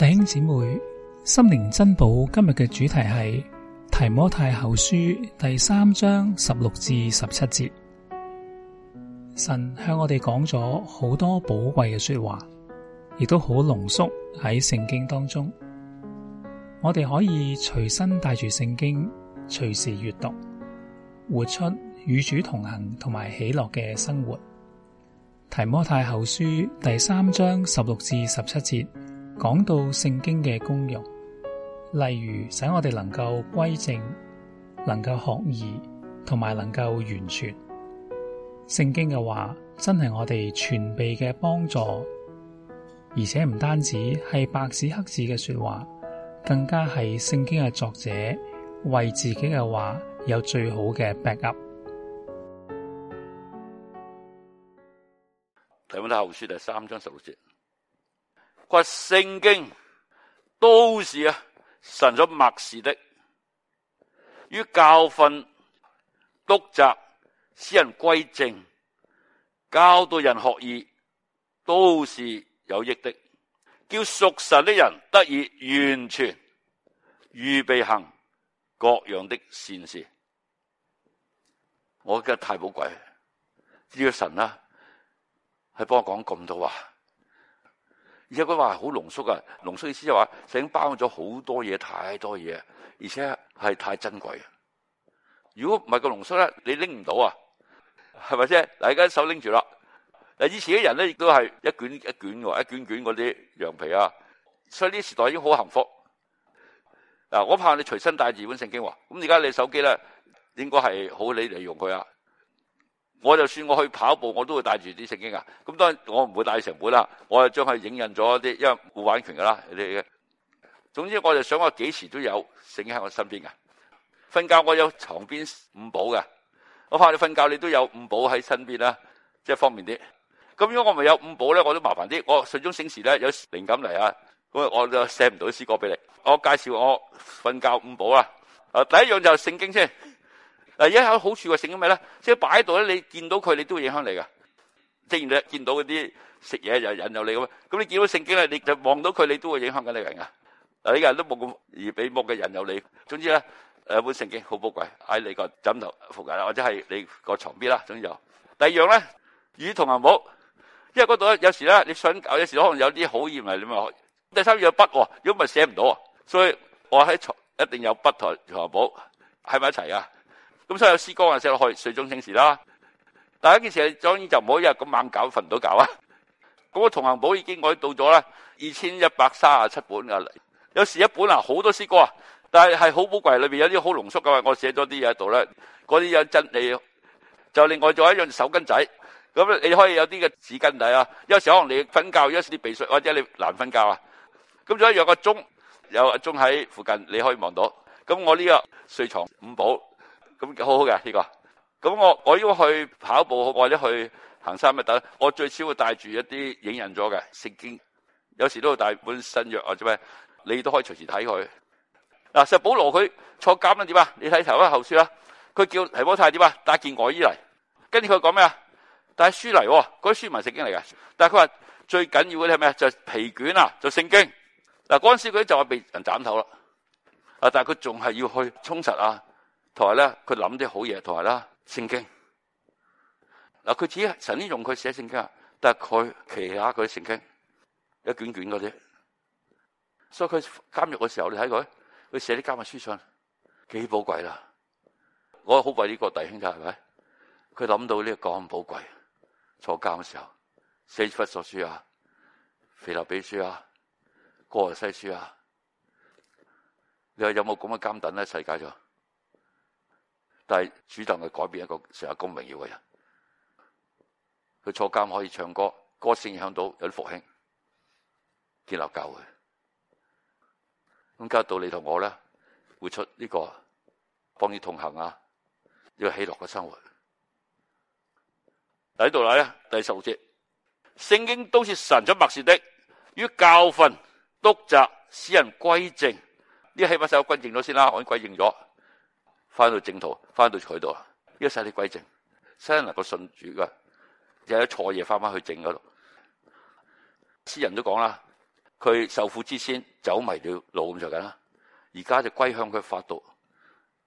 弟兄姊妹，心靈珍寶今日嘅主題係提摩太後書第三章十六至十七節。神向我哋講咗好多寶貴嘅說話，亦都好濃縮喺聖經當中。我哋可以隨身帶住聖經，隨時閱讀，活出與主同行同埋喜樂嘅生活。提摩太後書第三章十六至十七節。講到聖經嘅功用，例如使我哋能夠歸正、能夠學義、同埋能夠完全。聖經嘅話真係我哋全備嘅幫助，而且唔單止係白紙黑字嘅說話，更加係聖經嘅作者為自己嘅話有最好嘅 backup。睇翻《提後書》第三章十六佢話聖經都是啊神所默示的，於教訓、督責、使人歸正、教導人學義都是有益的，叫屬神的人得以完全，預備行各樣的善事。我覺得太寶貴，只要神啦、啊，係幫我講咁多話。而且佢話好濃縮啊，濃縮意思就話成包咗好多嘢、太多嘢，而且係太珍貴。如果唔係個濃縮咧，你拎唔到啊，係咪先？嗱，而家手拎住啦。嗱，以前啲人咧亦都係一卷一卷，一卷一卷嗰啲羊皮啊，所以呢啲時代已經好幸福。嗱，我怕你隨身帶住本聖經話，咁而家你手機咧，應該係好你嚟用佢啊。我就算我去跑步，我都會帶住啲聖經噶。咁當然我唔會帶成本啦，我就將佢影印咗啲，因為冇版權噶啦，嗰啲嘅。總之我就想我幾時都有聖經喺我身邊噶。瞓覺我有床邊五寶噶，我怕你瞓覺你都有五寶喺身邊啦，即係方便啲。咁如果我咪有五寶咧，我都麻煩啲。我隨中醒時咧有靈感嚟啊，我我就寫唔到啲詩歌俾你。我介紹我瞓覺五寶啦。啊，第一樣就聖經先。嗱，一有好處嘅聖經咩咧？即係擺喺度咧，你見到佢，你都會影響你嘅。正如你見到嗰啲食嘢就引誘你咁，咁你見到聖經咧，你就望到佢，你都會影響緊你個人噶。嗱，呢個人都冇咁易俾目嘅引誘你。總之咧，誒本聖經好寶貴，喺你個枕頭附近啦，或者係你個床邊啦，總之就第二樣咧，與同行簿，因為嗰度有時咧你想有時可能有啲好意咪你咪。第三樣有筆喎，如果唔係寫唔到啊，所以我喺牀一定有筆同同行簿，喺埋一齊噶。咁所以有詩歌啊，寫落去睡中醒時啦。第一件事係當然就唔可以日咁猛搞，瞓唔到覺啊。咁個同行簿已經我到咗啦，二千一百三十七本噶啦。有時一本啊好多詩歌啊，但係係好寶貴，裏邊有啲好濃縮噶嘛。我寫咗啲嘢喺度咧，嗰啲有真理。就另外仲有一樣手巾仔，咁你可以有啲嘅紙巾仔啊。有時可能你瞓覺，有時啲鼻水或者你難瞓覺啊。咁仲有一樣個鐘，有個鐘喺附近，你可以望到。咁我呢個睡牀五寶。咁、這個、好好嘅呢、這個，咁我我要去跑步或者去行山咪得，我最少會帶住一啲影印咗嘅聖經，有時都會帶本新約啊，做咩？你都可以隨時睇佢。嗱、啊，其實保羅佢坐監啦點啊？你睇提啊後書啦、啊，佢叫提摩太點啊？帶件外衣嚟，跟住佢講咩啊？帶書嚟、哦，嗰啲書唔係聖經嚟嘅。但係佢話最緊要嗰啲係咩啊？就係、皮卷啊，就是、聖經。嗱、啊，嗰陣時佢就係被人斬頭啦。啊，但係佢仲係要去充實啊。同埋咧，佢諗啲好嘢。同埋啦，聖經。嗱，佢自己曾經用佢寫聖經啊，經經但係佢其下佢聖經，一卷卷嗰啲。所以佢監獄嘅時候，你睇佢，佢寫啲監獄書信，幾寶貴啦！我好為呢個弟兄就係咪？佢諗到呢個咁寶貴，坐監嘅時候，寫以弗所書啊，腓立比書啊，歌羅西書啊，你話有冇咁嘅監躉咧？世界上但係主動去改變一個成日咁榮耀嘅人，佢坐監可以唱歌，歌聲影響到有啲復興，建立教會。咁今日到你同我咧，會出呢、這個幫你同行啊，呢、這個喜樂嘅生活。喺度啦，第十六節，聖經都是神所默示的，於教訓督責使人歸正。呢起碼首句認咗先啦，我已歸正咗。翻到正途，翻到佢度，呢個晒啲歸正，使人能夠信主嘅，有啲錯嘢翻翻去正嗰度。詩人都講啦，佢受苦之先，走迷咗路咁就緊啦，而家就歸向佢法度，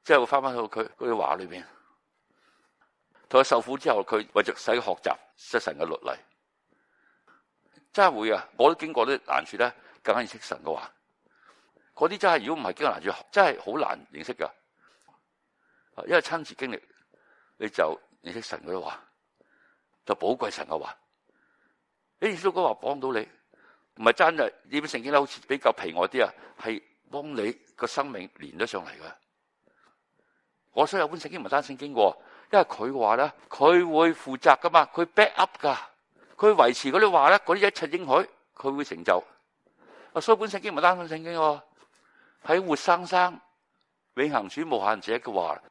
即係翻翻去佢啲話裏邊。同佢受苦之後，佢為着使學習神嘅律例，真係會啊！我都經過啲難處咧，更加認識神嘅話，嗰啲真係如果唔係經過難處，真係好難認識噶。因為親自經歷，你就你識神嗰啲話，就寶貴神嘅話。耶穌基督話幫到你，唔係真係？呢本聖經咧，好似比較皮我啲啊，係幫你個生命連咗上嚟嘅。我所有本聖經唔係單聖經嘅，哦，因為佢話咧，佢會負責噶嘛，佢 back up 噶，佢維持嗰啲話咧，嗰啲一切應許，佢會成就。所以本聖經唔係單本聖經，喺、哦、活生生、永恒主無限者嘅話。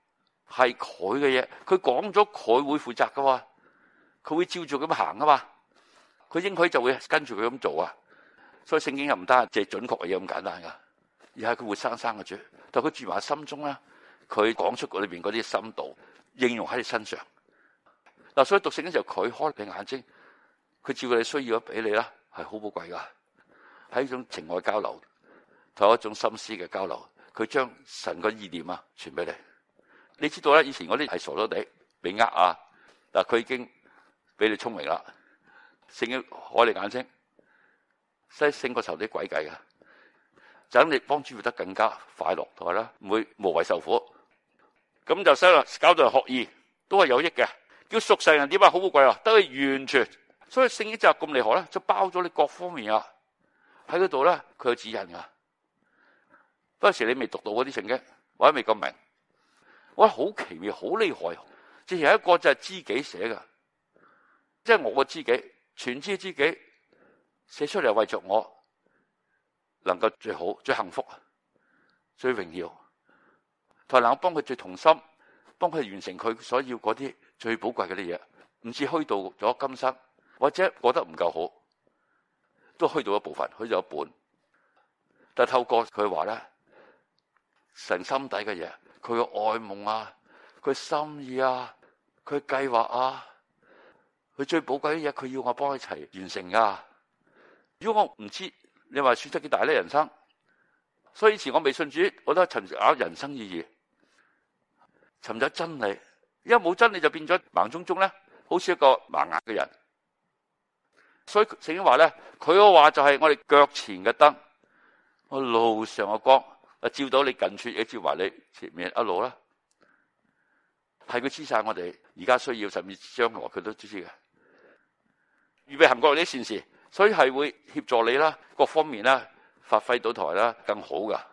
係佢嘅嘢，佢講咗，佢會負責噶。佢會照住咁行啊嘛。佢應許就會跟住佢咁做啊。所以聖經又唔單只準確嘅嘢咁簡單噶，而係佢活生生嘅主。但佢住埋心中啦，佢講出嗰裏邊嗰啲深度，應用喺你身上。嗱、啊，所以讀聖經就佢開你眼睛，佢照你需要咗俾你啦，係好寶貴噶。係一種情愛交流，同一種心思嘅交流。佢將神個意念啊，傳俾你。你知道咧，以前嗰啲係傻傻地，俾呃啊！但佢已經畀你聰明啦。聖經開你眼睛，聖勝過仇啲詭計嘅，就等你幫主活得更加快樂，同埋唔會無謂受苦。咁就雖然教導人學義，都係有益嘅。叫熟世人點啊，好好貴啊！得以完全，所以聖經就咁厲害咧，就包咗你各方面啊。喺嗰度咧，佢有指引噶。當時你未讀到嗰啲聖經，或者未咁明。我覺得好奇妙，好厲害。之前有一個就係知己寫嘅，即係我個知己，全知知己寫出嚟為着我能夠最好、最幸福、最榮耀。同埋，我幫佢最同心，幫佢完成佢所要嗰啲最寶貴嗰啲嘢。唔知虛度咗今生，或者過得唔夠好，都虛度一部分，佢就一半但係透過佢話咧，神心底嘅嘢。佢嘅外夢啊，佢心意啊，佢計劃啊，佢最寶貴嘅嘢，佢要我幫佢一齊完成噶。如果我唔知道，你話損失幾大咧？人生，所以以前我未信主，我都尋找人生意義，尋找真理。一冇真理就變咗盲中中咧，好似一個盲眼嘅人。所以聖經話咧，佢嘅話就係我哋腳前嘅燈，我路上嘅光。照到你近處，亦照埋你前面一路啦。係佢知晒我哋，而家需要，甚至將來佢都支持嘅。預備行各樣啲善事，所以係會協助你啦，各方面啦，發揮到台啦，更好噶。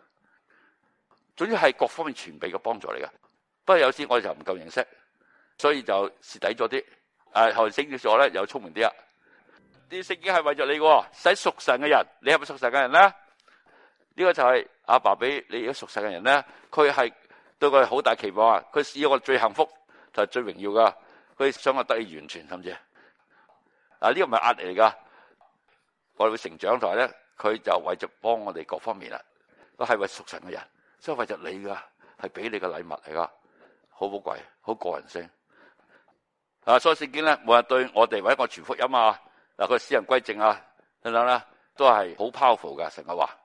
總之係各方面全備嘅幫助嚟噶。不過有時我就唔夠認識，所以就蝕底咗啲。誒，後來聖約座咧又聰明啲啦。啲聖經係為咗你喎，使屬神嘅人。你係咪屬神嘅人咧？呢、這個就係阿爸俾你而家屬神嘅人咧，佢係對佢係好大期望啊！佢使我最幸福就係最榮耀噶，佢想我得以完全甚至嗱、呢、啊，這個唔係壓力嚟噶，我哋會成長台咧，佢就為着幫我哋各方面啦，都係為屬神嘅人，所以為着你噶，係俾你嘅禮物嚟噶，好寶貴好個人性啊！所以聖經咧，每日對我哋為一個傳福音啊，嗱佢使人歸正啊等等咧，都係好 powerful 噶，神啊話。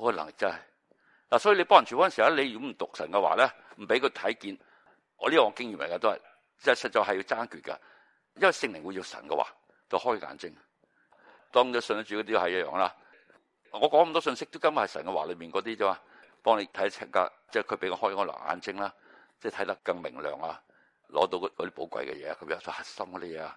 可、那個、能真係嗱、啊，所以你幫人除光嘅時候你如果唔讀神嘅話咧，唔俾佢睇見我呢個。我個經驗嚟嘅都係，即係實在係要爭決噶，因為聖靈會要神嘅話就開眼睛。當咗信得住嗰啲係一樣啦。我講咁多信息都是根本係神嘅話裏面嗰啲啫嘛，幫你睇一尺格，即係佢俾我開個眼睛啦，即係睇得更明亮啊，攞到嗰啲寶貴嘅嘢，咁樣最核心嗰啲嘢啊。